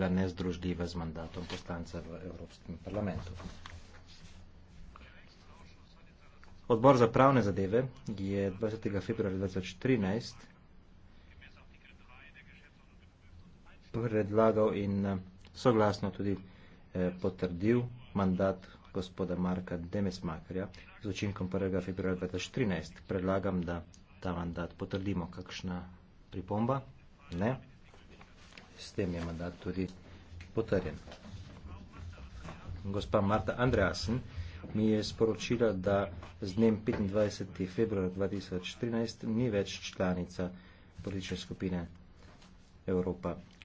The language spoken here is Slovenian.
bila nezdružljiva z mandatom poslanca v Evropskem parlamentu. Odbor za pravne zadeve je 20. februarja 2013 predlagal in eh, soglasno tudi eh, potrdil mandat gospoda Marka Demesmakarja z učinkom 1. februarja 2013. Predlagam, da ta mandat potrdimo. Kakšna pripomba? Ne tem je mandat tudi potrjen. Gospa Marta Andreasen mi je sporočila, da z dnem 25. februar 2013 ni več članica politične skupine Evropa